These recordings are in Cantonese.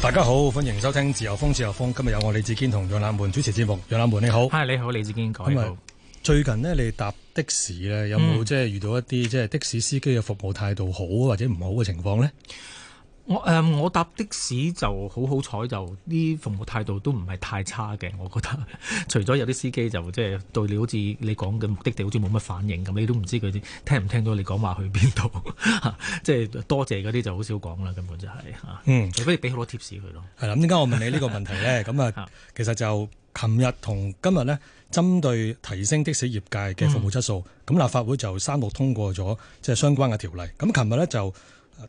大家好，歡迎收聽自由風自由風，今日有我李志堅同楊冷門主持節目。楊冷門你好，係你好李志堅，咁啊最近咧，你搭的士咧，有冇即係遇到一啲即係的士司機嘅服務態度好或者唔好嘅情況呢？我誒、嗯、我搭的士就好好彩，就啲服務態度都唔係太差嘅，我覺得。除咗有啲司機就即係、就是、對你好似你講嘅目的地好似冇乜反應咁，你都唔知佢聽唔聽到你講話去邊度。即、啊、係、就是、多謝嗰啲就好少講啦，根本就係、是、嚇。嗯，除非俾好多貼士佢咯。係啦，咁點解我問你呢個問題咧？咁啊，其實就琴日同今日咧，針對提升的士業界嘅服務質素，咁、嗯、立法會就三讀通過咗即係相關嘅條例。咁琴日咧就。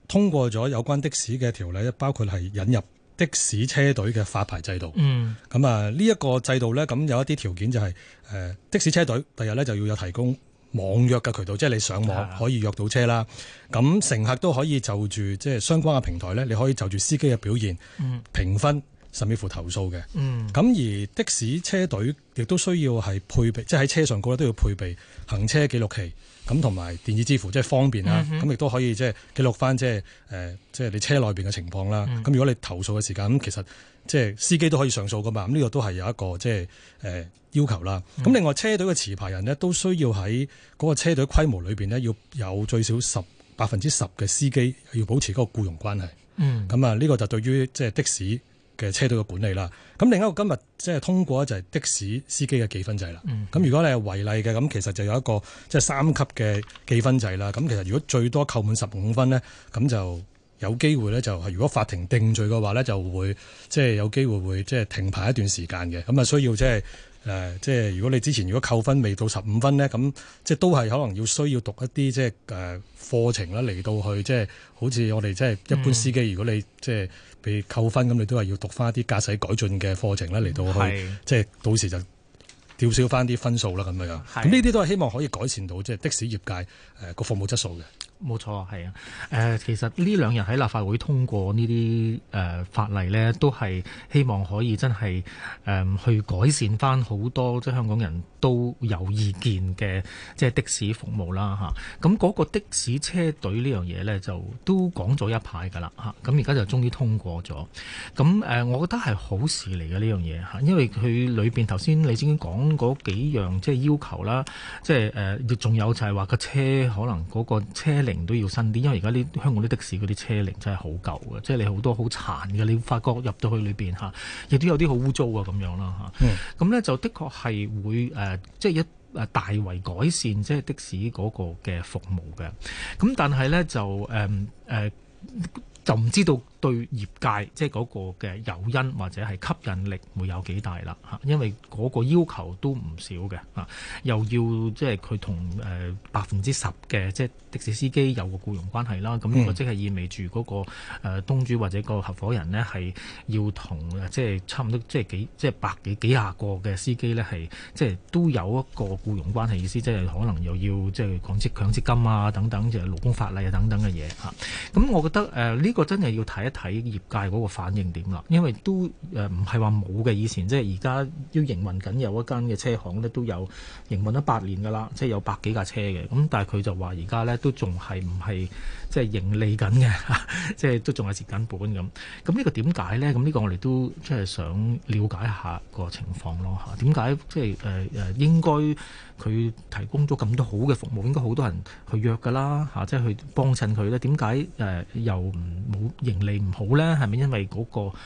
通過咗有關的士嘅條例，包括係引入的士車隊嘅發牌制度。嗯，咁啊呢一個制度呢，咁有一啲條件就係、是、誒、呃、的士車隊第日呢就要有提供網約嘅渠道，即係你上網可以約到車啦。咁、嗯、乘客都可以就住即係相關嘅平台呢，你可以就住司機嘅表現、嗯、評分，甚至乎投訴嘅。嗯，咁而的士車隊亦都需要係配備，即係喺車上高咧都要配備行車記錄器。咁同埋電子支付即係方便啦，咁亦都可以即係記錄返即係誒，即係你車內邊嘅情況啦。咁、mm hmm. 如果你投訴嘅時間，咁其實即係司機都可以上訴㗎嘛。咁呢個都係有一個即係誒要求啦。咁、mm hmm. 另外車隊嘅持牌人呢，都需要喺嗰個車隊規模裏邊呢，要有最少十百分之十嘅司機要保持嗰個僱傭關係。嗯、mm，咁啊，呢個就對於即係的士，嘅車隊嘅管理啦，咁另一個今日即係通過咧就係的士司機嘅記分制啦。咁、嗯、如果你係違例嘅，咁其實就有一個即係、就是、三級嘅記分制啦。咁其實如果最多扣滿十五分呢，咁就有機會呢，就係如果法庭定罪嘅話呢，就會即係、就是、有機會會即係、就是、停牌一段時間嘅。咁啊需要即係。就是誒，即係如果你之前如果扣分未到十五分咧，咁即係都係可能要需要讀一啲即係誒課程啦，嚟到去即係好似我哋即係一般司機，嗯、如果你即係被扣分咁，你都係要讀翻一啲駕駛改進嘅課程啦。嚟到去即係是到時就調少翻啲分數啦，咁樣咁呢啲都係希望可以改善到即係的士業界誒個服務質素嘅。冇錯，啊，係啊，誒、呃，其實呢兩日喺立法會通過呢啲誒法例咧，都係希望可以真係誒、呃、去改善翻好多，即係香港人都有意見嘅，即係的士服務啦，吓、啊，咁個的士車隊呢樣嘢咧，就都講咗一排㗎啦，嚇、啊。咁而家就終於通過咗。咁、啊、誒，我覺得係好事嚟嘅呢樣嘢吓，因為佢裏邊頭先你先講過幾樣即係要求啦，即係誒，仲、呃、有就係話個車可能個車。齡都要新啲，因為而家啲香港啲的，的士嗰啲車齡真係好舊嘅，即係你好多好殘嘅，你會發覺入到去裏邊吓，亦都有啲好污糟啊咁樣啦吓，咁咧、嗯、就的確係會誒即係一誒大為改善即係、就是、的士嗰個嘅服務嘅。咁但係咧就誒誒。呃呃就唔知道對業界即係嗰個嘅誘因或者係吸引力會有幾大啦吓，因為嗰個要求都唔少嘅嚇，又要即係佢同誒百分之十嘅即係的士司機有個僱傭關係啦，咁呢個即係意味住嗰、那個誒、呃、東主或者個合夥人咧係要同即係差唔多即係、就是、幾即係、就是、百幾幾廿個嘅司機咧係即係都有一個僱傭關係意思即係可能又要即係講積強積金啊等等，就勞、是、工法例啊等等嘅嘢嚇。咁我覺得誒呢。呃呢個真係要睇一睇業界嗰個反應點啦，因為都誒唔係話冇嘅，以前即係而家要營運緊有一間嘅車行咧，就是，都有營運咗八年噶啦，即係有百幾架車嘅，咁但係佢就話而家咧都仲係唔係即係盈利緊嘅， 即係都仲係蝕緊本咁。咁呢個點解咧？咁呢個我哋都即係想了解一下個情況咯，吓點解即係誒誒，應該佢提供咗咁多好嘅服務，應該好多人去約噶啦，吓即係去幫襯佢咧？點解誒又唔？冇盈利唔好咧，係咪因為嗰個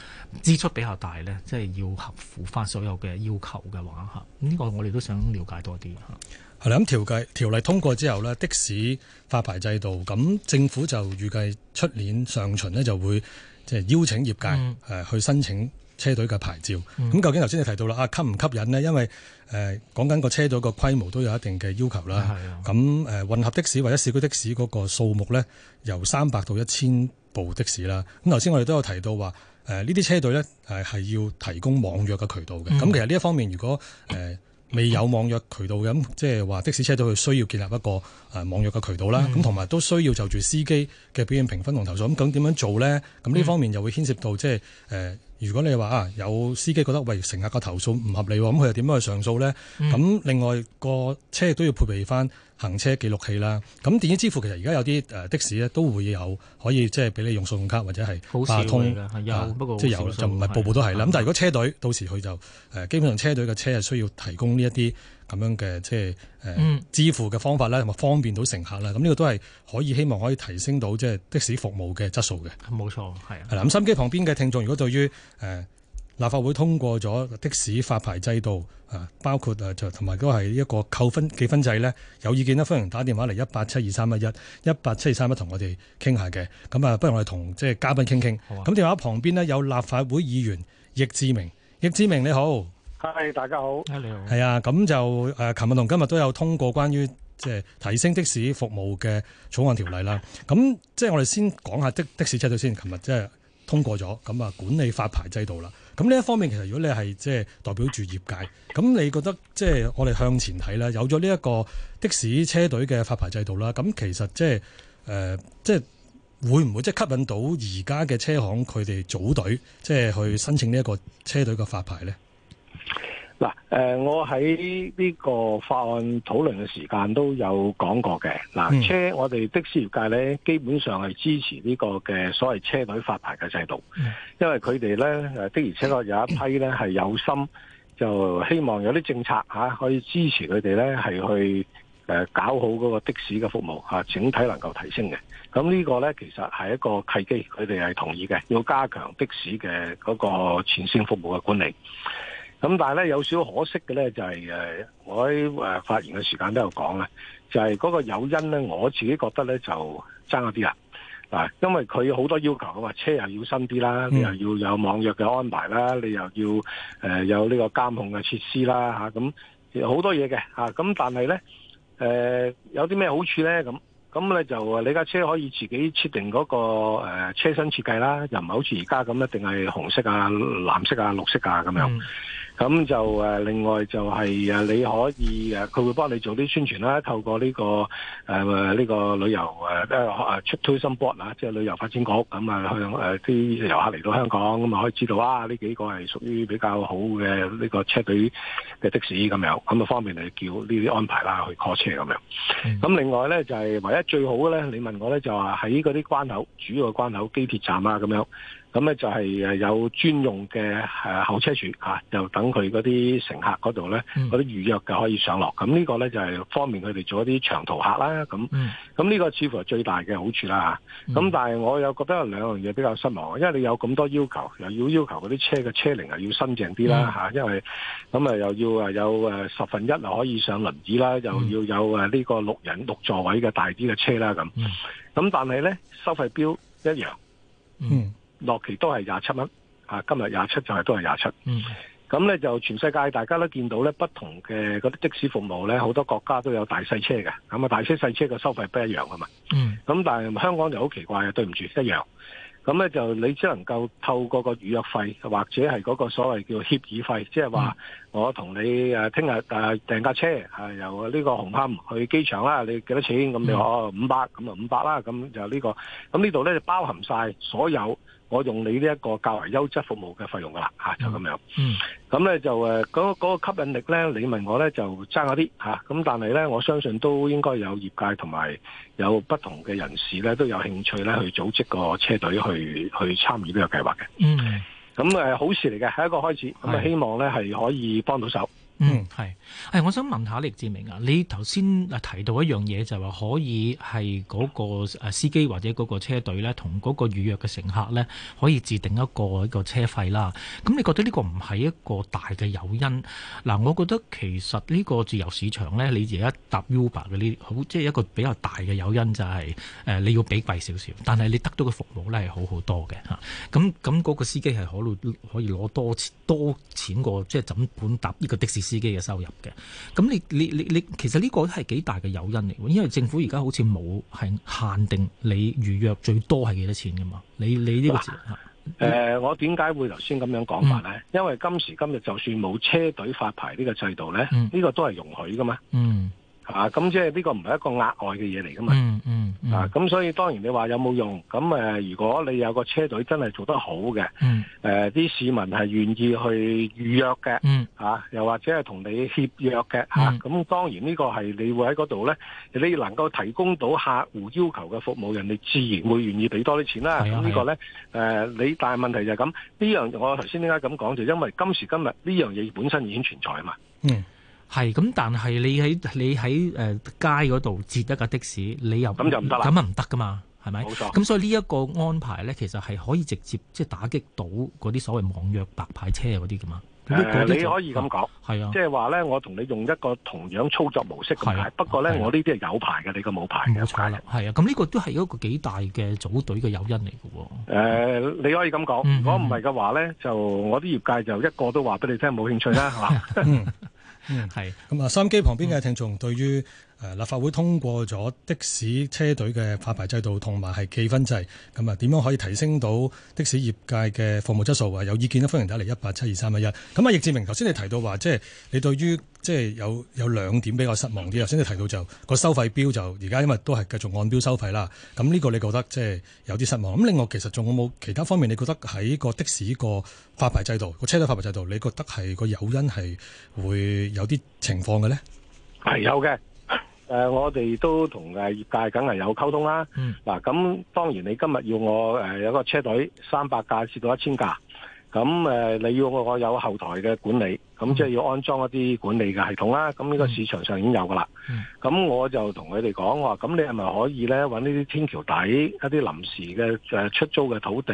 支出比較大咧？即係要合符翻所有嘅要求嘅話，吓、這、呢個我哋都想了解多啲吓。係啦，咁條計條例通過之後呢，的士發牌制度，咁政府就預計出年上旬呢，就會即係邀請業界誒去申請。車隊嘅牌照，咁、嗯、究竟頭先你提到啦，啊吸唔吸引呢？因為誒講緊個車隊個規模都有一定嘅要求啦。係咁誒混合的士或者市區的士嗰個數目咧，由三百到一千部的士啦。咁頭先我哋都有提到話，誒、呃、呢啲車隊咧誒係要提供網約嘅渠道嘅。咁、嗯、其實呢一方面如果誒、呃、未有網約渠道嘅，咁即係話的士車隊佢需要建立一個誒網、呃、約嘅渠道啦。咁同埋都需要就住司機嘅表現評分同投訴。咁咁點樣做咧？咁呢方面又會牽涉到即係誒。呃如果你話啊，有司機覺得喂乘客個投訴唔合理喎，咁佢又點樣去上訴呢？咁、嗯、另外個車亦都要配備翻。行車記錄器啦，咁電子支付其實而家有啲的士咧都會有，可以即係俾你用信用卡或者係八達通，即係有就唔係部部都係啦。咁的但係如果車隊到時，佢就基本上車隊嘅車係需要提供呢一啲咁樣嘅即係支付嘅方法啦，同埋、嗯、方便到乘客啦。咁呢個都係可以希望可以提升到即係的士服務嘅質素嘅。冇錯，係啊。咁心機旁邊嘅聽眾，如果對於、呃立法會通過咗的士發牌制度，啊，包括誒同埋都係一個扣分記分制咧。有意見咧，歡迎打電話嚟一八七二三一一一八七二三一同我哋傾下嘅。咁啊，不如我哋同即係嘉賓傾傾。咁、啊、電話旁邊呢，有立法會議員易志明，啊、易志明你好，係大家好，你好，係啊。咁就誒，琴日同今日都有通過關於即係提升的士服務嘅草案條例啦。咁即係我哋先講下的的士制度先。琴日即係通過咗，咁啊管理發牌制度啦。咁呢一方面其實如果你係即係代表住業界，咁你覺得即係我哋向前睇啦，有咗呢一個的士車隊嘅發牌制度啦，咁其實即係誒，即係會唔會即係吸引到而家嘅車行佢哋組隊，即係去申請呢一個車隊嘅發牌呢？嗱，誒，我喺呢個法案討論嘅時間都有講過嘅。嗱，車，我哋的士業界咧，基本上係支持呢個嘅所謂車隊發牌嘅制度，因為佢哋咧的而且確有一批咧係有心，就希望有啲政策吓、啊、可以支持佢哋咧係去誒搞好嗰個的士嘅服務嚇，整體能夠提升嘅。咁呢個咧其實係一個契機，佢哋係同意嘅，要加強的士嘅嗰個前線服務嘅管理。咁但係咧，有少少可惜嘅咧，就係誒我喺誒發言嘅時間都有講啦，就係嗰個誘因咧，我自己覺得咧就爭咗啲啦嗱，因為佢好多要求嘅嘛，車又要新啲啦，你又要有網約嘅安排啦，你又要誒有呢個監控嘅設施啦吓，咁好多嘢嘅吓，咁但係咧誒有啲咩好處咧？咁咁咧就你架車可以自己設定嗰個誒車身設計啦，又唔係好似而家咁一定係紅色啊、藍色啊、綠色啊咁樣。嗯咁就誒，另外就係你可以誒，佢會幫你做啲宣傳啦，透過呢、這個誒呢、呃這個旅遊誒誒推心 board 啊，即係旅遊發展局咁啊，向誒啲遊客嚟到香港咁啊、嗯，可以知道啊，呢幾個係屬於比較好嘅呢、這個車隊嘅的,的士咁樣，咁啊方便你叫呢啲安排啦，去 call 車咁樣。咁、嗯、另外咧就係、是、唯一最好嘅咧，你問我咧就話喺嗰啲關口，主要嘅關口，機鐵站啊咁樣。咁咧就係有專用嘅誒候車處嚇，就等佢嗰啲乘客嗰度咧嗰啲預約嘅可以上落。咁呢個咧就係方便佢哋做一啲長途客啦。咁咁呢個似乎係最大嘅好處啦嚇。咁但係我又覺得兩樣嘢比較失望，因為你有咁多要求，又要要求嗰啲車嘅車齡係要新淨啲啦嚇，因為咁啊又要啊有十分一啊可以上輪椅啦，又要有呢個六人六座位嘅大啲嘅車啦咁。咁但係咧收費標一樣，嗯。落期都係廿七蚊，啊今日廿七就係都係廿七。咁咧、嗯、就全世界大家都見到咧，不同嘅嗰啲的士服務咧，好多國家都有大細車嘅，咁啊大小小車細車嘅收費不一樣啊嘛。咁、嗯、但係香港就好奇怪啊，對唔住一樣。咁咧就你只能夠透過個預約費或者係嗰個所謂叫協議費，即係話我同你誒聽日誒訂架車啊，由呢個紅磡去機場啦、啊，你幾多錢？咁你話五百，咁啊五百啦，咁就呢、這個。咁呢度咧就包含晒所有。我用你呢一個較為優質服務嘅費用，噶啦吓，就咁樣。咁咧、嗯嗯、就誒，嗰、嗰個吸引力咧，你問我咧就爭下啲吓。咁、啊、但係咧，我相信都應該有業界同埋有不同嘅人士咧，都有興趣咧、嗯、去組織個車隊去去參與呢個計劃嘅。咁誒、嗯呃，好事嚟嘅，係一個開始。咁啊是，希望咧係可以幫到手。嗯，係，誒，我想問下易志明啊，你頭先啊提到一樣嘢就話、是、可以係個誒司機或者嗰個車隊咧，同個預約嘅乘客咧，可以設定一個一個車費啦。咁你覺得呢個唔係一個大嘅誘因？嗱，我覺得其實呢個自由市場咧，你而家搭 Uber 嘅呢好，即係一個比較大嘅誘因就係誒你要俾貴少少，但係你得到嘅服務咧係好好多嘅吓，咁咁個司機係可，可以可以攞多多錢個即係怎款搭呢個的士，司機嘅收入嘅，咁你你你你，其實呢個都係幾大嘅誘因嚟，因為政府而家好似冇係限定你預約最多係幾多錢噶嘛？你你呢個誒、呃，我點解會頭先咁樣講法咧？嗯、因為今時今日就算冇車隊發牌呢個制度咧，呢、這個都係容許噶嘛？嗯。嗯。啊，咁即係呢個唔係一個額外嘅嘢嚟噶嘛，嗯嗯嗯、啊，咁所以當然你話有冇用？咁誒、呃，如果你有個車隊真係做得好嘅，誒、嗯、啲、呃、市民係願意去預約嘅，嗯、啊，又或者係同你協約嘅，吓、嗯、咁、啊、當然呢個係你會喺嗰度咧，你能夠提供到客戶要求嘅服務，人哋自然會願意俾多啲錢啦。咁的呢個咧，誒的、呃，你但係問題就係咁，呢、這個、樣我頭先點解咁講，就因為今時今日呢樣嘢本身已經存在啊嘛。嗯係咁，但係你喺你喺誒街嗰度截一架的士，你又咁就唔得啦。咁啊唔得噶嘛，係咪？冇錯。咁所以呢一個安排咧，其實係可以直接即係打擊到嗰啲所謂網約白牌車嗰啲噶嘛。誒，你可以咁講，係啊，即係話咧，我同你用一個同樣操作模式，係啊。不過咧，我呢啲係有牌嘅，你個冇牌冇錯啦。係啊，咁呢個都係一個幾大嘅組隊嘅誘因嚟嘅喎。誒，你可以咁講。如果唔係嘅話咧，就我啲業界就一個都話俾你聽冇興趣啦，係嘛？嗯，係咁啊！收音機旁邊嘅聽眾，對於誒立法會通過咗的士車隊嘅發牌制度同埋係記分制，咁啊點樣可以提升到的士業界嘅服務質素啊？有意見咧，歡迎打嚟一八七二三一一。咁啊，易志明，頭先你提到話，即係你對於。即係有有兩點比較失望啲啊，頭先你提到就個收費標就而家因為都係繼續按標收費啦。咁呢個你覺得即係有啲失望。咁另外其實仲有冇其他方面，你覺得喺個的士個發牌制度、個車隊發牌制度，你覺得係個誘因係會有啲情況嘅咧？係有嘅。誒、呃，我哋都同誒業界梗係有溝通啦。嗱、嗯，咁當然你今日要我誒、呃、有個車隊三百架至到一千架，咁誒、呃、你要我有後台嘅管理。咁即係要安裝一啲管理嘅系統啦，咁呢個市場上已經有㗎啦。咁我就同佢哋講，我話：咁你係咪可以呢？揾呢啲天橋底一啲臨時嘅出租嘅土地？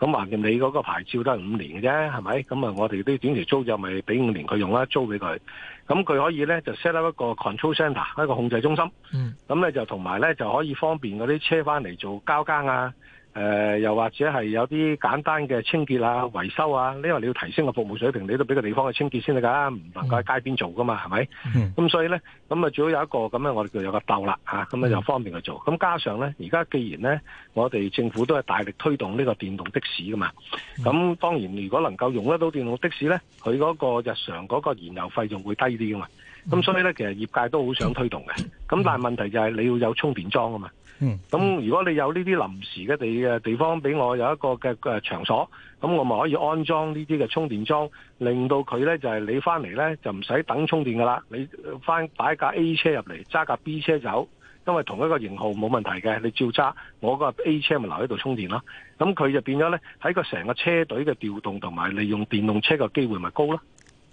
咁橫掂你嗰個牌照都係五年嘅啫，係咪？咁啊，我哋啲短期租就咪俾五年佢用啦，租俾佢。咁佢可以呢，就 set up 一個 control centre，一個控制中心。咁呢就同埋呢，就可以方便嗰啲車翻嚟做交更啊。誒、呃，又或者係有啲簡單嘅清潔啊、維修啊，因為你要提升個服務水平，你都俾個地方去清潔先得噶，唔能夠喺街邊做噶嘛，係咪、嗯？咁所以呢，咁啊，最好有一個咁樣，我哋就有個鬥啦吓，咁、啊、咧就方便佢做。咁加上呢，而家既然呢，我哋政府都係大力推動呢個電動的士噶嘛，咁當然如果能夠用得到電動的士呢，佢嗰個日常嗰個燃油費用會低啲噶嘛。咁所以呢，其實業界都好想推動嘅。咁但係問題就係你要有充電樁啊嘛。嗯，咁、嗯、如果你有呢啲臨時嘅地嘅地方俾我有一個嘅場所，咁我咪可以安裝呢啲嘅充電樁，令到佢呢就係你翻嚟呢，就唔、是、使等充電噶啦，你翻擺架 A 車入嚟揸架 B 車走，因為同一個型號冇問題嘅，你照揸，我個 A 車咪留喺度充電咯。咁佢就變咗呢，喺個成個車隊嘅調動同埋利用電動車嘅機會咪高咯、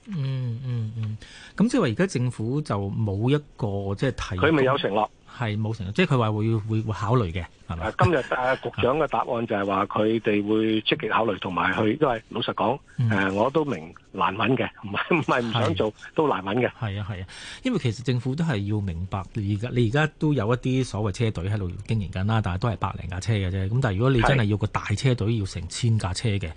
嗯。嗯嗯嗯，咁即係話而家政府就冇一個即係提佢未有承諾。係冇成，即係佢話會會會考慮嘅。 今日啊，局長嘅答案就係話佢哋會積極考慮同埋去，因為老實講、嗯呃，我都明難揾嘅，唔係唔係唔想做、啊、都難揾嘅。係啊係啊，因為其實政府都係要明白，而家你而家都有一啲所謂車隊喺度經營緊啦，但係都係百零架車嘅啫。咁但係如果你真係要個大車隊，啊、要成千架車嘅，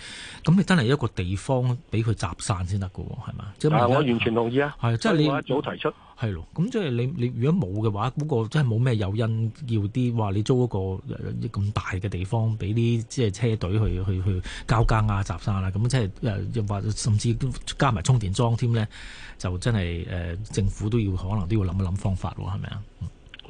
咁你真係一個地方俾佢集散先得㗎喎，係嘛？嗱、即係啊，我完全同意啊。係、即係，即係你早提出係咯。咁、啊啊啊、即係你你如果冇嘅話，嗰、嗰個真係冇咩誘因要啲話你租一個。啲咁大嘅地方，俾啲即係車隊去去去交更啊、集散啦，咁即係誒，又或甚至加埋充電樁添咧，就真係誒、呃，政府都要可能都要諗一諗方法，係咪啊？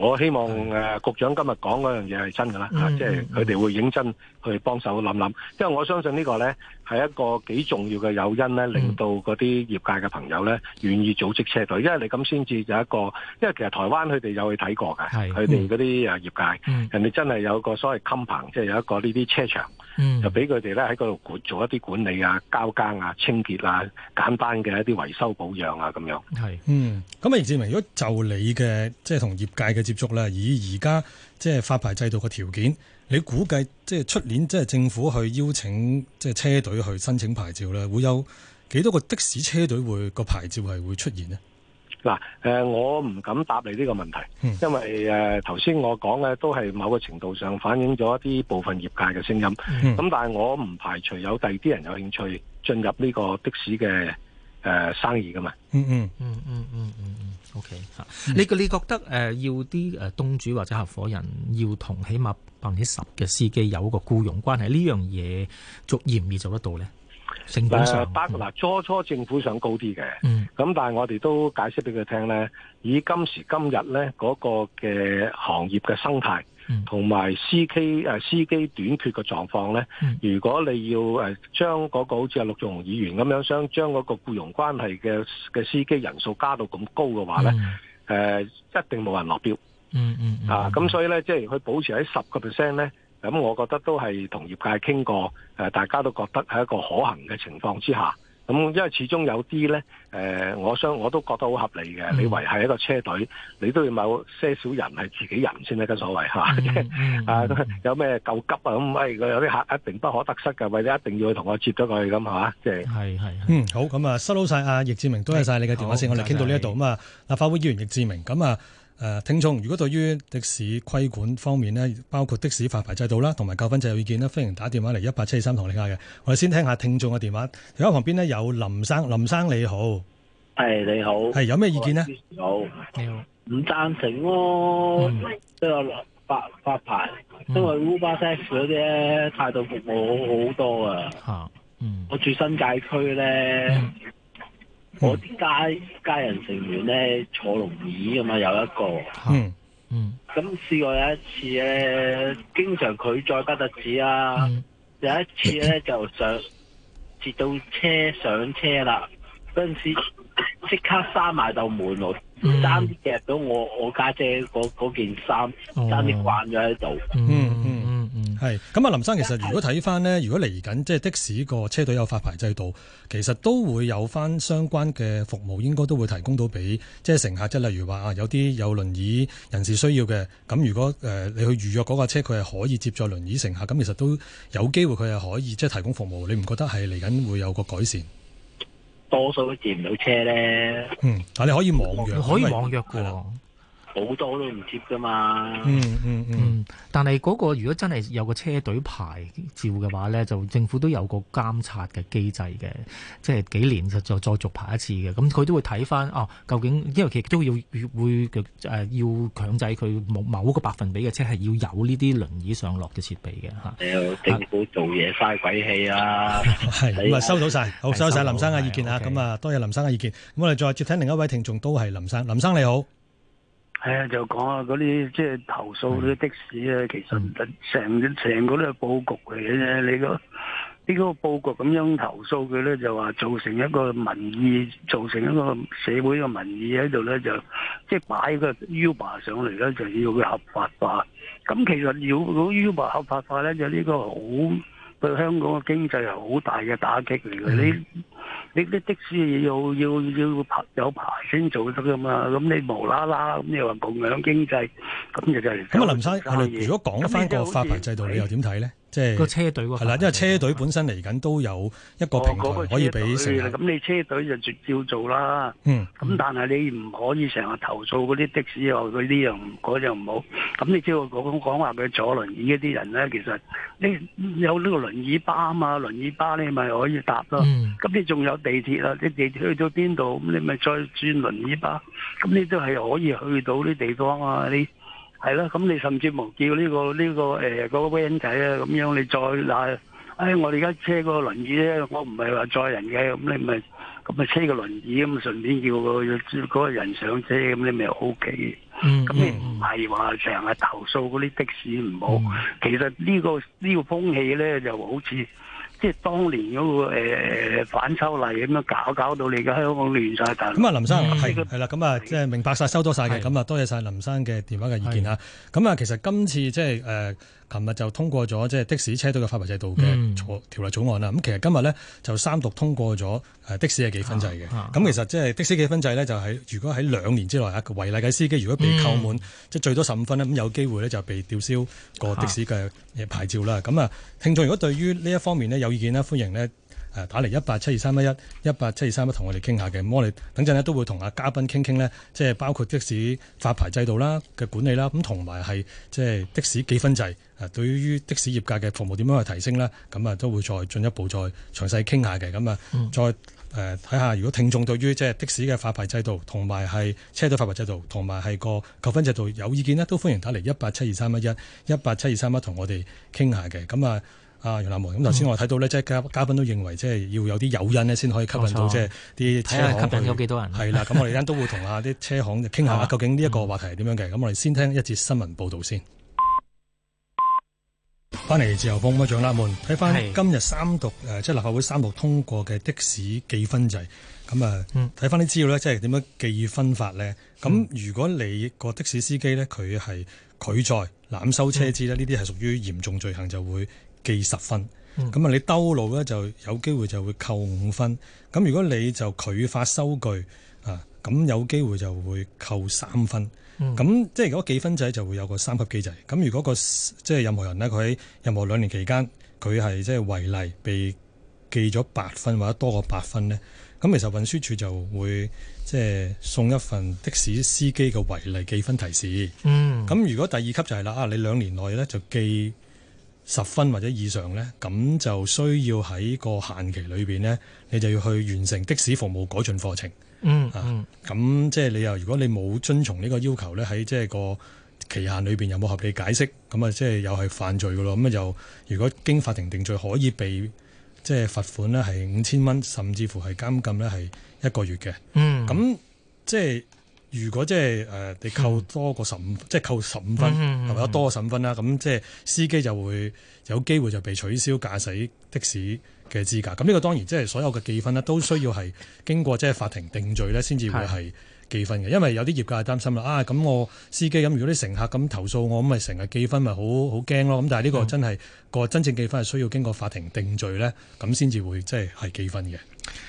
我希望誒局長今日講嗰樣嘢係真㗎啦，嗯、即係佢哋會認真去幫手諗諗，因為我相信呢個咧係一個幾重要嘅誘因咧，嗯、令到嗰啲業界嘅朋友咧願意組織車隊，因為你咁先至有一個，因為其實台灣佢哋有去睇過㗎，佢哋嗰啲啊業界，嗯、人哋真係有個所謂 company，即係有一個呢啲車場，嗯、就俾佢哋咧喺嗰度管做一啲管理啊、交更啊、清潔啊、簡單嘅一啲維修保養啊咁樣。是嗯，咁啊，易志明，如果就你嘅即係同業界嘅。接觸啦，以而家即係發牌制度嘅條件，你估計即係出年即係政府去邀請即係車隊去申請牌照咧，會有幾多個的士車隊會個牌照係會出現呢？嗱，誒，我唔敢答你呢個問題，因為誒頭先我講嘅都係某個程度上反映咗一啲部分業界嘅聲音，咁但係我唔排除有第二啲人有興趣進入呢個的士嘅誒生意噶嘛。嗯嗯嗯嗯嗯嗯。Hmm. OK 嚇，你你覺得誒要啲誒東主或者合伙人要同起碼百分之十嘅司機有個僱傭關係呢樣嘢，這個、東西做易唔易做得到咧？成本上，嗱、呃呃呃、初初政府想高啲嘅，咁、嗯、但係我哋都解釋俾佢聽咧，以今時今日咧嗰個嘅行業嘅生態。同埋司機誒司機短缺嘅狀況咧，如果你要誒將嗰個好似阿陸頌雄議員咁樣想將嗰個僱傭關係嘅嘅司機人數加到咁高嘅話咧，誒、嗯呃、一定冇人落標嗯嗯，嗯啊，咁所以咧，即係佢保持喺十個 percent 咧，咁我覺得都係同業界傾過誒、啊、大家都覺得係一個可行嘅情況之下。咁，因為始終有啲咧，誒，我相我都覺得好合理嘅。嗯、你為係一個車隊，你都要某些少人係自己人先得，嘅所謂啊，有咩救急啊咁，誒，有啲客一定不可得失嘅，或者一定要去同我接咗佢咁，係、嗯、嘛，即係係係。嗯，好，咁啊，收晒曬啊，易志明，多謝晒你嘅電話線，我哋傾到呢一度咁啊，立法會議員易志明，咁啊。誒聽眾，如果對於的士規管方面呢，包括的士發牌制度啦，同埋扣分制度有意見呢，歡迎打電話嚟一八七二三同你嗌嘅。我哋先聽下聽眾嘅電話。電話旁邊呢，有林生，林生你好，係你好，係有咩意見咧？好，唔、哦、贊成咯，啊，即係發發牌，因為 Uber、X 嗰啲態度服務好好多啊。嗯，我住新界區咧。嗯嗯、我啲家家人成員咧坐龍椅咁嘛有一個。嗯嗯。咁、嗯、試過有一次咧，經常拒載不得止啊。嗯、有一次咧，就上截到車上車啦，陣陣時即刻閂埋到門落，爭啲夾到我我家姐嗰件衫，爭啲慣咗喺度。嗯嗯。係，咁啊，林生，其實如果睇翻呢，如果嚟緊即係的士個車隊有發牌制度，其實都會有翻相關嘅服務，應該都會提供到俾即係乘客，即係例如話啊，有啲有輪椅人士需要嘅，咁如果誒你去預約嗰架車，佢係可以接載輪椅乘客，咁其實都有機會佢係可以即係提供服務，你唔覺得係嚟緊會有個改善？多數都見唔到車呢，嗯，但係你可以網約，可以網約嘅喎。好多都唔貼噶嘛嗯，嗯嗯嗯。但係嗰個如果真係有個車隊牌照嘅話呢，就政府都有個監察嘅機制嘅，即係幾年就再再續牌一次嘅。咁佢都會睇翻啊，究竟因為其實都要會誒、呃、要強制佢某某個百分比嘅車係要有呢啲輪椅上落嘅設備嘅吓。呃、政府做嘢嘥鬼氣啊！係 、啊、收到晒，好，收晒林生嘅意見啊。咁啊，多謝 okay 多謝林生嘅意見。咁我哋再接聽另一位聽眾都係林生，林生你好。係啊、哎，就講啊，嗰啲即係投訴啲的，的士啊，的其實成成個都係佈局嚟嘅啫。你、這個呢個佈局咁樣投訴佢咧，就話造成一個民意，造成一個社會嘅民意喺度咧，就即係擺個 Uber 上嚟咧，就要佢合法化。咁其實要嗰 Uber 合法化咧，就呢個好對香港嘅經濟係好大嘅打擊嚟嘅。的你啲的士要要要，要牌有牌先做得噶嘛？咁你無啦啦咁，你話共享經濟，咁就就係咁啊！林生，我哋如果講翻個發牌制度，你又點睇咧？即係個車隊喎，係啦，因為車隊本身嚟緊都有一個平台可以俾成。咁、哦那個、你車隊就直照做啦。嗯。咁但係你唔可以成日投訴嗰啲的士又嗰啲又嗰樣唔好。咁你只要我咁講，話佢坐輪椅嗰啲人咧，其實你有呢個輪椅巴啊嘛，輪椅巴你咪可以搭咯。咁、嗯、你仲有地鐵啊？你地鐵去到邊度，咁你咪再轉輪椅巴，咁你都係可以去到啲地方啊！你係咯，咁你甚至無叫呢、這個呢、這個誒嗰、呃那個 van 仔啊，咁樣你再嗱，誒、哎、我哋而家車個輪椅咧，我唔係話載人嘅，咁你咪咁咪車個輪椅咁，順便叫嗰個人上車，咁你咪 OK。咁、嗯嗯、你唔係話成日投訴嗰啲的士唔好，嗯、其實呢、這個呢、這個風氣咧就好似。即係當年嗰個誒反修例咁樣搞搞到你嘅香港亂晒。咁啊，林生係係啦，咁啊即係明白晒，收到晒嘅，咁啊的多謝晒林生嘅電話嘅意見啊。咁啊的，其實今次即係誒。呃琴日就通過咗即係的士車隊嘅發牌制度嘅條例草案啦。咁、嗯、其實今日咧就三讀通過咗誒的士嘅記分制嘅。咁、啊啊、其實即係的士嘅記分制咧，就係如果喺兩年之內啊違例嘅司機如果被扣滿、嗯、即係最多十五分咧，咁有機會咧就被吊銷個的士嘅牌照啦。咁啊，聽眾如果對於呢一方面呢，有意見呢，歡迎呢。誒打嚟一八七二三一一一八七二三一同我哋傾下嘅，咁我哋等陣咧都會同阿嘉賓傾傾呢即係包括的士發牌制度啦、嘅管理啦，咁同埋係即係的士記分制，誒對於的士業界嘅服務點樣去提升咧，咁啊都會再進一步再詳細傾下嘅，咁啊再誒睇下，看看如果聽眾對於即係的士嘅發牌制度，同埋係車隊發牌制度，同埋係個扣分制度有意見呢，都歡迎打嚟一八七二三一一一八七二三一同我哋傾下嘅，咁啊。啊！楊立門咁，頭先我睇到呢，即係加嘉賓都認為，即係要有啲誘因呢，先可以吸引到即係啲車行去。吸引到幾多人係啦。咁我哋一陣都會同啊啲車行傾下，究竟呢一個話題係點樣嘅？咁我哋先聽一節新聞報道先。翻嚟自由風，楊立門，睇翻今日三讀誒，即係立法會三讀通過嘅的士記分制。咁啊，睇翻啲資料呢，即係點樣記分法呢？咁如果你個的士司機呢，佢係拒載、攬收車資呢，呢啲係屬於嚴重罪行，就會。記十分，咁啊、嗯、你兜路咧就有機會就會扣五分，咁如果你就拒發收據啊，咁有機會就會扣三分，咁、嗯、即係如果記分制就會有個三級機制，咁如果、嗰個即係任何人咧，佢喺任何兩年期間佢係即係違例被記咗八分或者多過八分呢。咁其實運輸署就會即係送一份的士司機嘅違例記分提示，咁、嗯、如果第二級就係、是、啦，啊你兩年內呢就記。十分或者以上呢，咁就需要喺個限期裏面呢，你就要去完成的士服務改進課程。嗯，嗯啊，咁即係你又，如果你冇遵從呢個要求呢，喺即係個期限裏面有冇合理解釋，咁啊即係又係犯罪㗎咯。咁啊又，如果經法庭定罪，可以被即係罰款呢，係五千蚊，甚至乎係監禁呢，係一個月嘅。嗯，咁即係。如果即係誒，你扣多個十五，嗯、即係扣十五分，或者有多個十五分啦，咁即係司機就會有機會就被取消駕駛的士嘅資格。咁呢個當然即係所有嘅記分都需要係經過即係法庭定罪咧，先至會係，記分嘅，因為有啲業界係擔心啦，啊咁我司機咁，如果啲乘客咁投訴我，咁咪成日記分，咪好好驚咯。咁但係呢個真係個、嗯、真正記分係需要經過法庭定罪呢，咁先至會即係係記分嘅，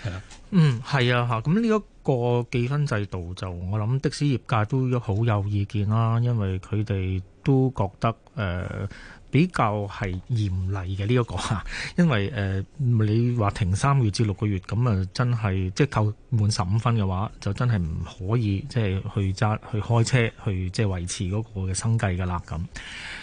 係啦。嗯，係啊吓，咁呢一個記分制度就我諗的士業界都好有意見啦，因為佢哋都覺得誒。呃比較係嚴厲嘅呢一個嚇，因為誒、呃、你話停三個月至六個月，咁啊真係即係扣滿十五分嘅話，就真係唔可以即係去揸去開車去即係維持嗰個嘅生計噶啦咁。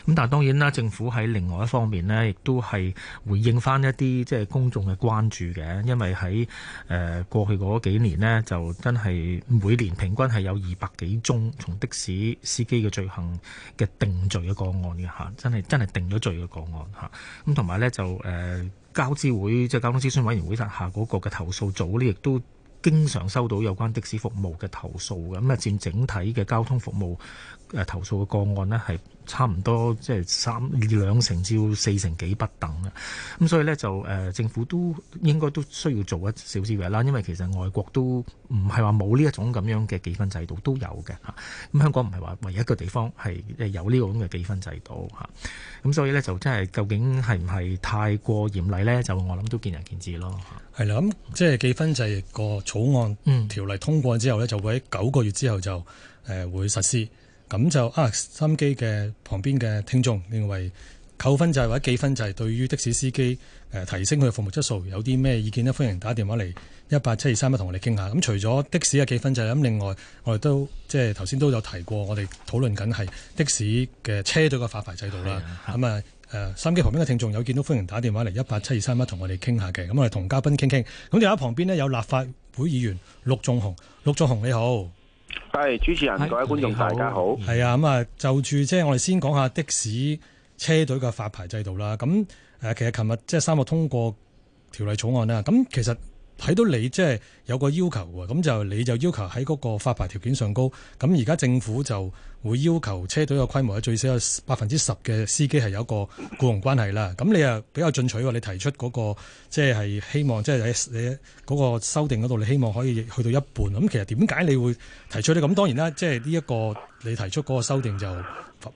咁但係當然啦，政府喺另外一方面咧，亦都係回應翻一啲即係公眾嘅關注嘅。因為喺誒、呃、過去嗰幾年咧，就真係每年平均係有二百幾宗從的士司機嘅罪行嘅定罪嘅個案嘅吓，真係真係定咗罪嘅個案吓，咁同埋咧就誒、呃、交諮會即係交通諮詢委員會下下嗰個嘅投訴組咧，亦都經常收到有關的士服務嘅投訴的，咁、嗯、啊，佔整體嘅交通服務誒、呃、投訴嘅個案咧係。是差唔多即係、就是、三二兩成至四成幾不等啦，咁所以咧就誒、呃、政府都應該都需要做一少少嘅啦，因為其實外國都唔係話冇呢一種咁樣嘅記分制度，都有嘅吓。咁、啊、香港唔係話唯一一個地方係誒有呢個咁嘅記分制度吓，咁、啊啊、所以咧就真係究竟係唔係太過嚴厲咧？就我諗都見仁見智咯吓。係啦，咁即係記分制個草案條例通過之後咧，嗯、就會喺九個月之後就誒、呃、會實施。咁就啊，收音機嘅旁邊嘅聽眾認為扣分制或者記分制係對於的士司機誒提升佢嘅服務質素有啲咩意見呢？歡迎打電話嚟一八七二三一同我哋傾下。咁除咗的士嘅記分制，咁另外我哋都即係頭先都有提過，我哋討論緊係的士嘅車隊嘅發牌制度啦。咁啊誒，收音機旁邊嘅聽眾有見到，歡迎打電話嚟一八七二三一同我哋傾下嘅。咁我哋同嘉賓傾傾。咁電話旁邊呢，有立法會議員陸頌雄，陸頌雄你好。係主持人，是各位觀眾好大家好。係啊，咁啊就住即係我哋先講下的士車隊嘅發牌制度啦。咁誒，其實琴日即係三讀通過條例草案啦。咁其實。睇到你即係有個要求喎，咁就你就要求喺嗰個發牌條件上高。咁而家政府就會要求車隊嘅規模係最少有百分之十嘅司機係有一個僱傭關係啦。咁你啊比較進取喎，你提出嗰個即係希望，即係喺嗰個修訂嗰度，你希望可以去到一半。咁其實點解你會提出呢？咁當然啦，即係呢一個你提出嗰個修訂就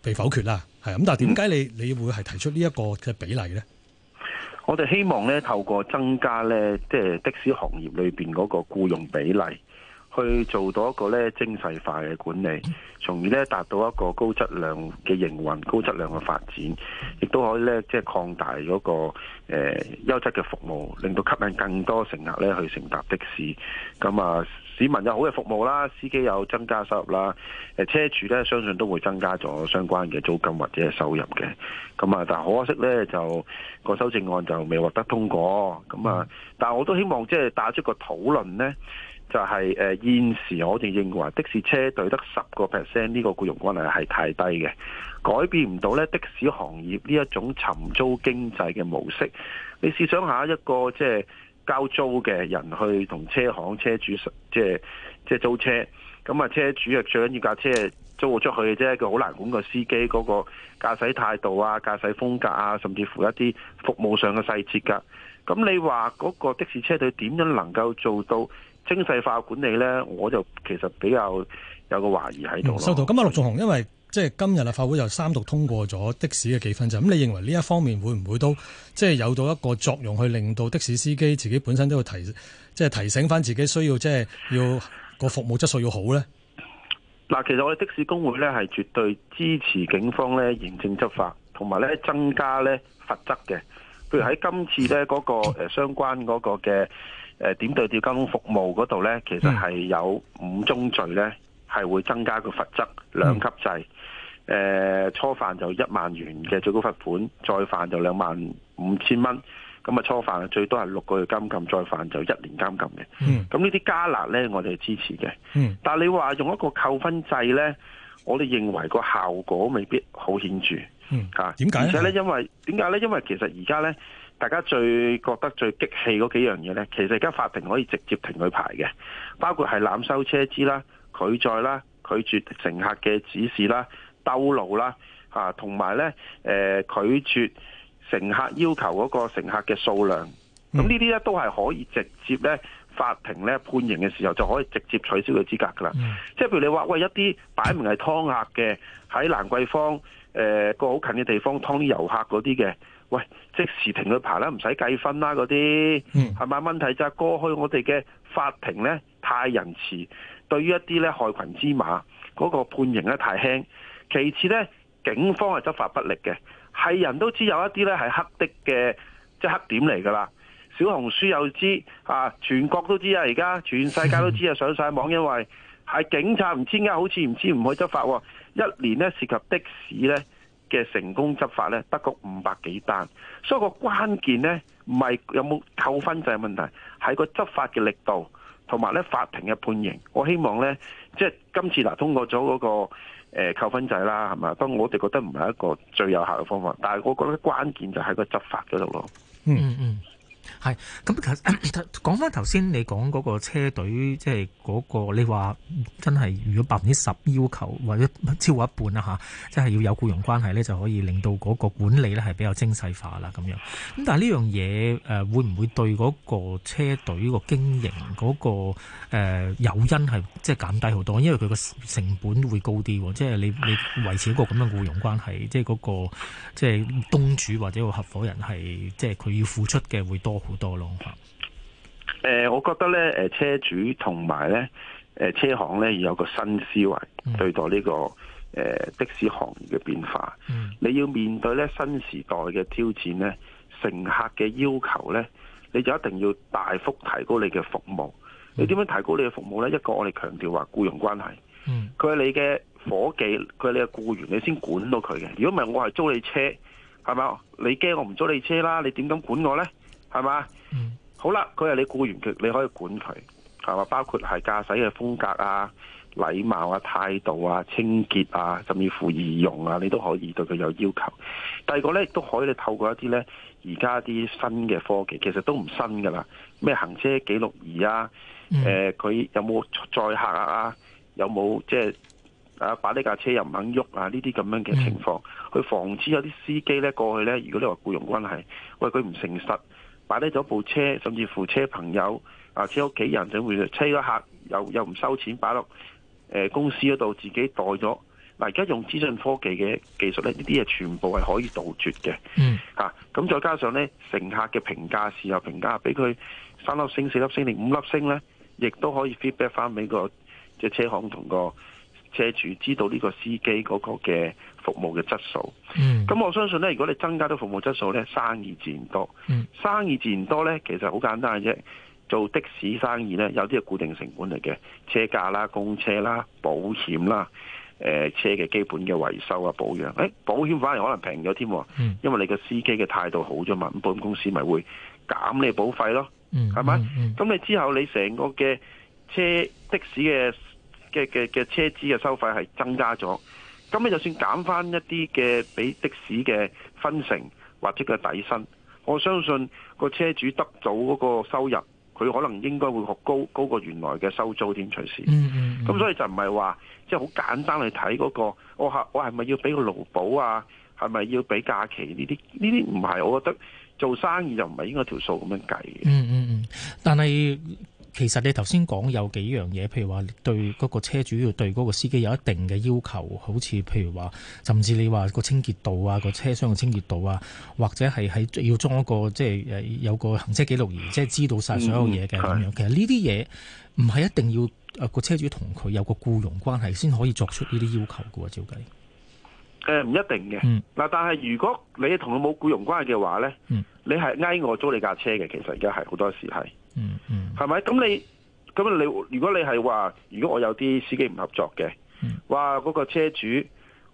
被否決啦。係，咁但係點解你你會係提出呢一個嘅比例咧？我哋希望咧，透過增加咧，即係的士行業裏邊嗰個僱用比例，去做到一個咧精細化嘅管理，從而咧達到一個高質量嘅營運、高質量嘅發展，亦都可以咧即係擴大嗰個誒優質嘅服務，令到吸引更多乘客咧去乘搭的士。咁啊，市民有好嘅服務啦，司機有增加收入啦，誒車主咧相信都會增加咗相關嘅租金或者係收入嘅。咁啊，但係可惜咧就個修正案就未獲得通過。咁啊，但我都希望即係打出個討論咧，就係誒現時我哋認為的士車隊得十個 percent 呢個僱傭關係係太低嘅，改變唔到咧的士行業呢一種尋租經濟嘅模式。你試想下一個即係。交租嘅人去同車行車主即係即係租車，咁啊車主又最緊要架車租出去啫，佢好難管個司機嗰個駕駛態度啊、駕駛風格啊，甚至乎一啲服務上嘅細節噶。咁你話嗰個的士車隊點樣能夠做到精細化管理呢？我就其實比較有個懷疑喺度。咁啊、嗯，收到。陸頌雄，因為。即係今日立法會又三讀通過咗的士嘅記分制，咁你認為呢一方面會唔會都即係有到一個作用，去令到的士司機自己本身都要提，即係提醒翻自己需要即係要個服務質素要好呢？嗱，其實我哋的，的士工會呢係絕對支持警方呢嚴正執法，同埋呢增加呢罰則嘅。譬如喺今次呢嗰個相關嗰個嘅誒點對點交通服務嗰度呢，其實係有五宗罪呢，係會增加個罰則兩級制。誒、呃、初犯就一萬元嘅最高罰款，再犯就兩萬五千蚊。咁啊，初犯最多係六個月監禁，再犯就一年監禁嘅。咁呢啲加辣呢，我哋係支持嘅。嗯、但你話用一個扣分制呢，我哋認為個效果未必好顯著。嗯，點解？而且呢，因為點解呢？因為其實而家呢，大家最覺得最激氣嗰幾樣嘢呢，其實而家法庭可以直接停佢牌嘅，包括係攬收車資啦、拒載啦、拒絕乘客嘅指示啦。兜路啦，嚇，同埋咧，誒、呃、拒絕乘客要求嗰個乘客嘅數量，咁呢啲咧都係可以直接咧法庭咧判刑嘅時候就可以直接取消佢資格噶啦。即係、嗯、譬如你話喂，一啲擺明係劏客嘅喺蘭桂坊誒、呃嗰個好近嘅地方劏啲遊客嗰啲嘅，喂，即時停佢牌啦，唔使計分啦嗰啲，係咪？嗯、是是問題就係過去我哋嘅法庭咧太仁慈，對於一啲咧害群之馬嗰、嗰個判刑咧太輕。其次咧，警方係執法不力嘅，係人都知有一啲咧係黑的嘅，即係黑點嚟㗎啦。小紅書又知啊，全國都知啊，而家全世界都知啊，上晒網，因為係警察唔知點解，好似唔知唔可以執法喎、啊。一年咧涉及的士咧嘅成功執法咧，得過五百幾單。所以個關鍵咧唔係有冇扣分制問題，係個執法嘅力度同埋咧法庭嘅判刑。我希望咧。即係今次嗱，通過咗嗰個、呃、扣分制啦，係咪？不過我哋覺得唔係一個最有效嘅方法，但係我覺得關鍵就喺個執法嗰度咯。嗯嗯。係，咁其實講翻頭先你講嗰個車隊，即係嗰個你話真係如果百分之十要求或者超過一半啦吓，即係要有僱傭關係咧，就可以令到嗰個管理咧係比較精細化啦咁樣。咁但係呢樣嘢，誒，會唔會對嗰個車隊個經營嗰個誒誘因，係即係減低好多？因為佢個成本會高啲，即係你你維持一個咁樣僱傭關係，即係嗰個即係東主或者個合夥人係即係佢要付出嘅會多。多好多咯？誒，我覺得咧，誒，車主同埋咧，誒，車行咧，要有個新思維對待呢個誒的士行業嘅變化。你要面對咧新時代嘅挑戰咧，乘客嘅要求咧，你就一定要大幅提高你嘅服務。你點樣提高你嘅服務咧？一個我哋強調話僱傭關係，佢係你嘅伙計，佢係你嘅僱員，你先管到佢嘅。如果唔係，我係租你車，係咪？你驚我唔租你車啦？你點敢管我咧？係嘛？是嗯、好啦，佢係你僱員，佢你可以管佢，係嘛？包括係駕駛嘅風格啊、禮貌啊、態度啊、清潔啊，甚至乎儀容啊，你都可以對佢有要求。第二個咧，亦都可以你透過一啲咧而家啲新嘅科技，其實都唔新噶啦。咩行車記錄儀啊？誒、嗯，佢、呃、有冇載客啊？有冇即係啊？把呢架車又唔肯喐啊？呢啲咁樣嘅情況，去、嗯、防止有啲司機咧過去咧。如果你話僱傭關係，喂，佢唔誠實。擺低咗部車，甚至乎車朋友啊、車屋企人，甚至乎車個客又，又又唔收錢，擺落誒公司嗰度自己袋咗。嗱，而家用資訊科技嘅技術咧，呢啲嘢全部係可以杜絕嘅。嗯、mm. 啊，吓咁再加上咧，乘客嘅評價、事後評價，俾佢三粒星、四粒星、定五粒星咧，亦都可以 feedback 翻俾、個即係、就是、車行同、個。車主知道呢個司機嗰個嘅服務嘅質素，咁、嗯、我相信呢，如果你增加到服務質素呢，生意自然多。嗯、生意自然多呢，其實好簡單嘅啫。做的士生意呢，有啲係固定成本嚟嘅，車價啦、公車啦、保險啦，誒、呃、車嘅基本嘅維修啊、保養，誒保險反而可能平咗添，嗯、因為你個司機嘅態度好咗嘛，咁保險公司咪會減你保費咯，係咪？咁你之後你成個嘅車的士嘅。嘅嘅嘅車資嘅收費係增加咗，咁你就算減翻一啲嘅俾的士嘅分成或者佢底薪，我相信個車主得到嗰個收入，佢可能應該會高高過原來嘅收租點隨時。嗯，嗯嗯。咁所以就唔係話即係好簡單去睇嗰個，我係我係咪要俾個勞保啊？係咪要俾假期呢啲？呢啲唔係，我覺得做生意就唔係應該條數咁樣計嘅。嗯嗯嗯，但係。其實你頭先講有幾樣嘢，譬如話，對嗰個車主要對嗰個司機有一定嘅要求，好似譬如話，甚至你話個清潔度啊，個車廂嘅清潔度啊，或者係喺要裝一個即係誒有個行車記錄儀，即係知道晒所有嘢嘅咁樣。其實呢啲嘢唔係一定要誒個車主同佢有個僱傭關係先可以作出呢啲要求㗎。照計誒唔一定嘅。嗱、嗯，但係如果你同佢冇僱傭關係嘅話咧，嗯、你係挨我租你架車嘅。其實而家係好多時係。嗯嗯，係咪咁你咁你？如果你係話，如果我有啲司機唔合作嘅，哇嗰，嗯、個車主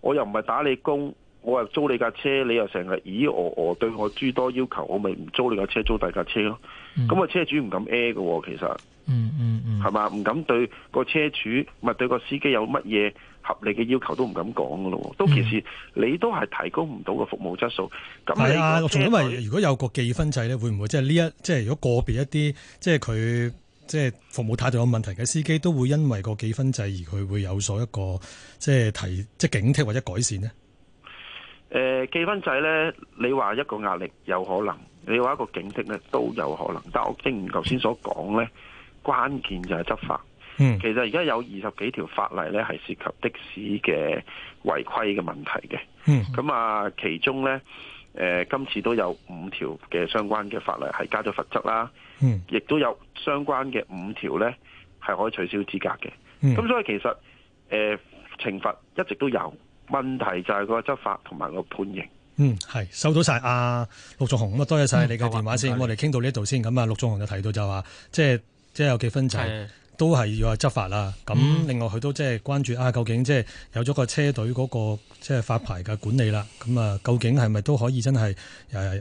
我又唔係打你工，我又租你架車，你又成日咦我我對我諸多要求，我咪唔租你架車，租大架車咯。咁啊，嗯、車主唔敢㗎喎，哦，其實嗯嗯嗯，係嘛，唔敢對個車主，咪對個司機有乜嘢？合理嘅要求都唔敢講噶咯，都其實你都係提高唔到個服務質素。係、嗯、啊，仲因為如果有個記分制咧，會唔會即係呢一即係如果個別一啲即係佢即係服務態度有問題嘅司機，都會因為個記分制而佢會有所一個即係、就是、提即係、就是、警惕或者改善咧？誒、呃，記分制咧，你話一個壓力有可能，你話一個警惕咧都有可能。但係我正如頭先所講咧，關鍵就係執法。嗯，其實而家有二十幾條法例咧，係涉及的士嘅違規嘅問題嘅。嗯，咁啊，其中咧，誒、呃，今次都有五條嘅相關嘅法例係加咗罰則啦。嗯，亦都有相關嘅五條咧，係可以取消資格嘅。咁、嗯、所以其實，誒、呃，懲罰一直都有，問題就係個執法同埋個判刑。嗯，係收到晒啊，陸頌雄。咁啊，多謝晒你嘅電話先，嗯、我哋傾到呢度先。咁啊，陸頌雄就提到就話，即係即係有幾分就都係要執法啦，咁另外佢都即係關注啊，究竟即係有咗個車隊嗰個即係發牌嘅管理啦，咁啊究竟係咪都可以真係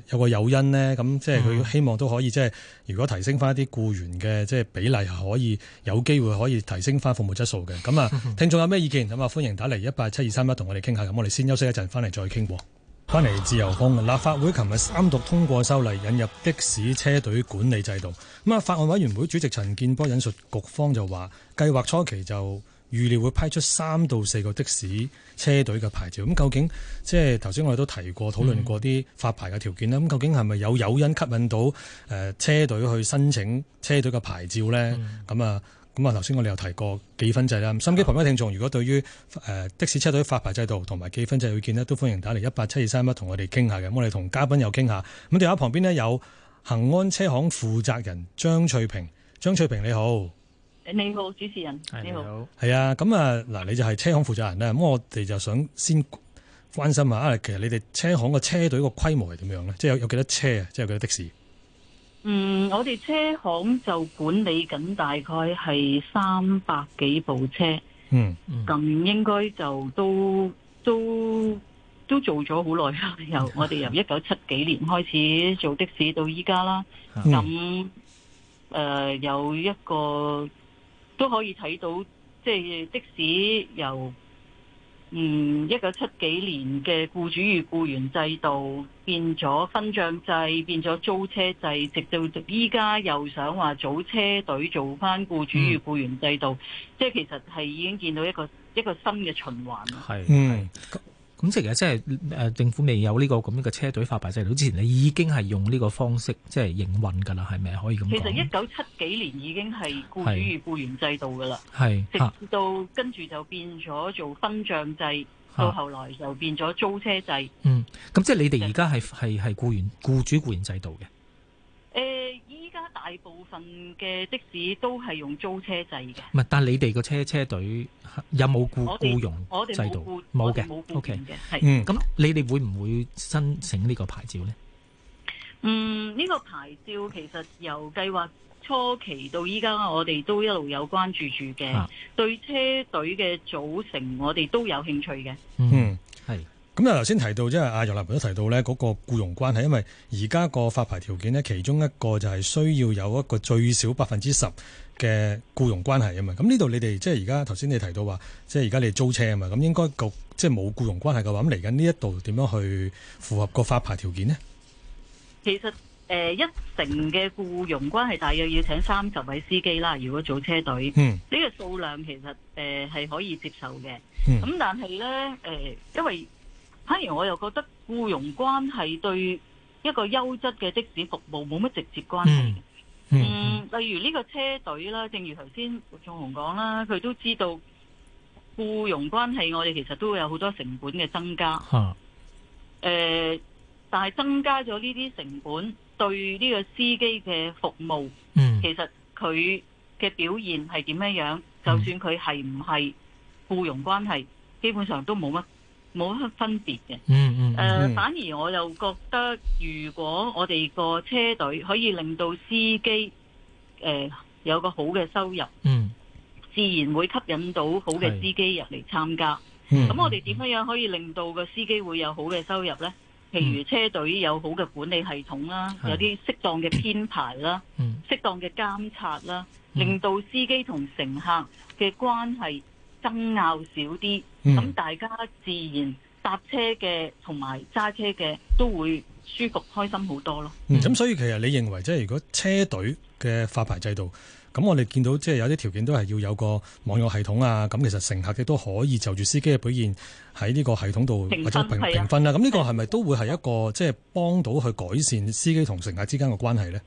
有個誘因呢？咁即係佢希望都可以即係如果提升翻一啲僱員嘅即係比例，係可以有機會可以提升翻服務質素嘅。咁啊，聽眾有咩意見咁啊？歡迎打嚟一八七二三一同我哋傾下。咁我哋先休息一陣，翻嚟再傾喎。翻嚟自由風，立法會琴日三讀通過修例，引入的士車隊管理制度。咁啊，法案委員會主席陳建波引述局方就話，計劃初期就預料會批出三到四個的士車隊嘅牌照。咁究竟即係頭先我哋都提過討論過啲發牌嘅條件咁、嗯、究竟係咪有誘因吸引到誒車隊去申請車隊嘅牌照呢？咁啊、嗯？咁啊，頭先我哋又提過記分制啦。心機旁邊嘅聽眾，如果對於的士車隊發牌制度同埋記分制意見呢，都歡迎打嚟一八七二三一同我哋傾下嘅。咁我哋同嘉賓又傾下。咁電話旁邊呢，有恒安車行負責人張翠屏，張翠屏你好。你好，主持人。你好。係啊，咁啊嗱，你就係車行負責人啦。咁我哋就想先關心下，其實你哋車行嘅車隊個規模係點樣呢？即係有有幾多車啊？即係有幾多的士。嗯，我哋車行就管理緊大概係三百幾部車，嗯，咁、嗯、應該就都都都做咗好耐啦。由 我哋由一九七幾年開始做的士到依家啦，咁誒、嗯呃、有一個都可以睇到，即、就、係、是、的士由。嗯，一九七幾年嘅雇主與雇員制度變咗分賬制，變咗租車制，直到依家又想話組車隊做翻雇主與雇員制度，嗯、即係其實係已經見到一個一個新嘅循環啊。是嗯。咁即係其實即係誒政府未有呢個咁樣嘅車隊發牌制度之前，你已經係用呢個方式即係營運㗎啦，係咪可以咁講？其實一九七幾年已經係雇主與僱員制度㗎啦，直至到跟住就變咗做分賬制，是到後來就變咗租車制。嗯，咁即係你哋而家係係係雇員雇主雇員制度嘅。大部分嘅的士都係用租車制嘅。唔係，但係你哋個車車隊有冇雇僱傭制度？冇嘅。冇嘅。用 Okay. 嗯。咁是你哋會唔會申請呢個牌照呢？嗯，呢、呢個牌照其實由計劃初期到依家，我哋都一路有關注住嘅。啊、對車隊嘅組成，我哋都有興趣嘅。嗯。嗯咁啊，頭先提到即係阿楊立平都提到咧，嗰個僱傭關係，因為而家個發牌條件咧，其中一個就係需要有一個最少百分之十嘅僱傭關係啊嘛。咁呢度你哋即係而家頭先你提到話，即係而家你租車啊嘛，咁應該局即係冇僱傭關係嘅話，咁嚟緊呢一度點樣去符合個發牌條件呢？其實誒、呃，一成嘅僱傭關係大約要請三十位司機啦。如果做車隊，嗯，呢個數量其實誒係、呃、可以接受嘅。咁、嗯、但係咧誒，因為反而我又覺得僱傭關係對一個優質嘅的士服務冇乜直接關係嘅。嗯，嗯嗯嗯例如呢個車隊啦，正如頭先陸頌雄講啦，佢都知道僱傭關係，我哋其實都會有好多成本嘅增加。哈呃、但係增加咗呢啲成本對呢個司機嘅服務，嗯、其實佢嘅表現係點樣樣？就算佢係唔係僱傭關係，基本上都冇乜。冇乜分別嘅。嗯，嗯嗯，誒、呃，反而我又覺得，如果我哋個車隊可以令到司機，呃、有個好嘅收入，嗯，自然會吸引到好嘅司機入嚟參加。咁、嗯嗯、我哋點樣樣可以令到個司機會有好嘅收入呢？譬如車隊有好嘅管理系統啦，嗯、有啲適當嘅編排啦，嗯、適當嘅監察啦，嗯、令到司機同乘客嘅關係。爭拗少啲，咁大家自然搭車嘅同埋揸車嘅都會舒服開心好多咯。咁所以其實你認為即係如果車隊嘅發牌制度，咁我哋見到即係有啲條件都係要有個網絡系統啊，咁其實乘客嘅都可以就住司機嘅表現喺呢個系統度或者評分啦。咁呢個係咪都會係一個即係幫到去改善司機同乘客之間嘅關係呢？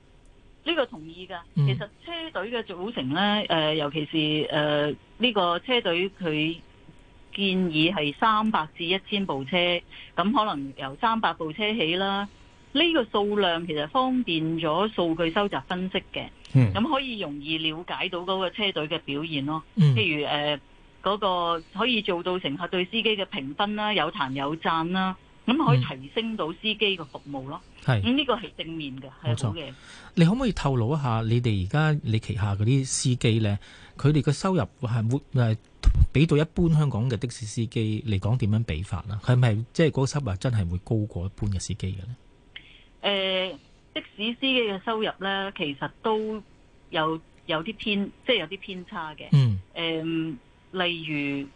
呢個同意㗎，其實車隊嘅組成呢，誒、呃，尤其是誒呢、呃這個車隊佢建議係三百至一千部車，咁可能由三百部車起啦。呢、這個數量其實方便咗數據收集分析嘅，咁可以容易了解到嗰個車隊嘅表現咯。譬如誒嗰、呃那個可以做到乘客對司機嘅評分啦，有彈有讚啦。咁可以提升到司機嘅服務咯，係、嗯。咁呢個係正面嘅，係冇錯，好嘅。你可唔可以透露一下你哋而家你旗下嗰啲司機咧，佢哋嘅收入係會比到一般香港嘅的，的士司機嚟講點樣比法啦？佢係咪即係嗰收入真係會高過一般嘅司機嘅咧？誒、呃，的士司機嘅收入咧，其實都有有啲偏，即係有啲偏差嘅。嗯。誒、呃，例如。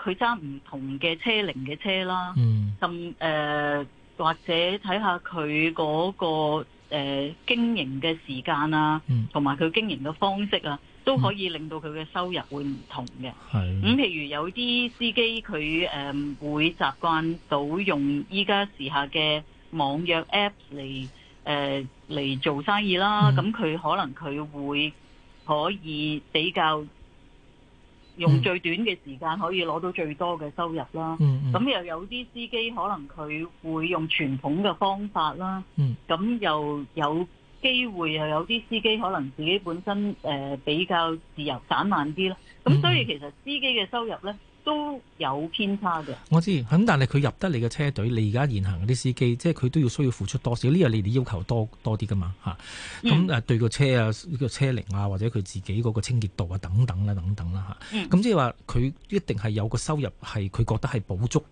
佢揸唔同嘅車齡嘅車啦，咁誒、嗯呃、或者睇下佢嗰、嗰個誒、呃、經營嘅時間啦，同埋佢經營嘅方式啊，都可以令到佢嘅收入會唔同嘅。係咁的、嗯，譬如有啲司機佢誒、呃、會習慣到用依家時下嘅網約 App 嚟誒嚟做生意啦，咁佢、嗯、可能佢會可以比較。用最短嘅時間可以攞到最多嘅收入啦，咁、嗯嗯、又有啲司機可能佢會用傳統嘅方法啦，咁、嗯、又有機會又有啲司機可能自己本身、呃、比較自由散漫啲啦，咁所以其實司機嘅收入呢，都有偏差嘅，我知咁，但係佢入得你嘅車隊，你而家現行啲司機，即係佢都要需要付出多少？呢？又你哋要求多多啲噶嘛？嚇、嗯，咁誒對個車啊，呢個車齡啊，或者佢自己嗰個清潔度啊，等等啦，等等啦嚇。咁即係話佢一定係有個收入，係佢覺得係補足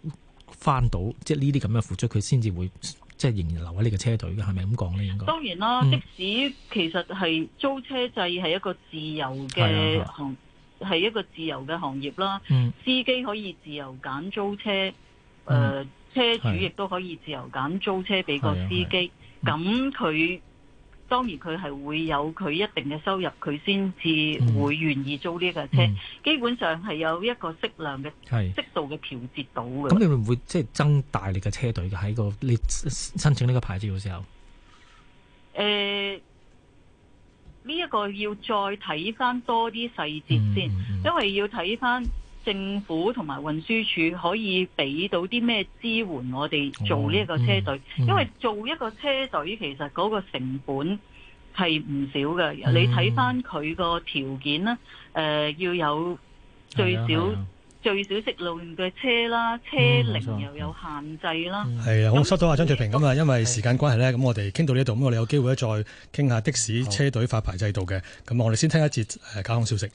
翻到，即係呢啲咁嘅付出，佢先至會即係仍然留喺你個車隊嘅，係咪咁講呢？應該當然啦，嗯、即使其實係租車制係一個自由嘅。係呀係係一個自由嘅行業啦，嗯、司機可以自由揀租車，誒、嗯呃，車主亦都可以自由揀租車俾個司機。咁佢當然佢係會有佢一定嘅收入，佢先至會願意租呢架車。嗯、基本上係有一個適量嘅係適度嘅調節到嘅。咁你會唔會即係增大你嘅車隊嘅？喺個你申請呢個牌照嘅時候？誒。欸呢一個要再睇翻多啲細節先，嗯、因為要睇翻政府同埋運輸署可以俾到啲咩支援我哋做呢一個車隊，嗯嗯、因為做一個車隊其實嗰個成本係唔少嘅。嗯、你睇翻佢個條件啦，誒、呃、要有最少。最少食路嘅車啦，車齡又有限制啦。係啊，好，收到啊，張翠屏。咁啊、嗯，因為時間關係咧，咁的我哋傾到呢度，咁我哋有機會咧再傾下的士的車隊發牌制度嘅。咁我哋先聽一節誒、呃、交通消息。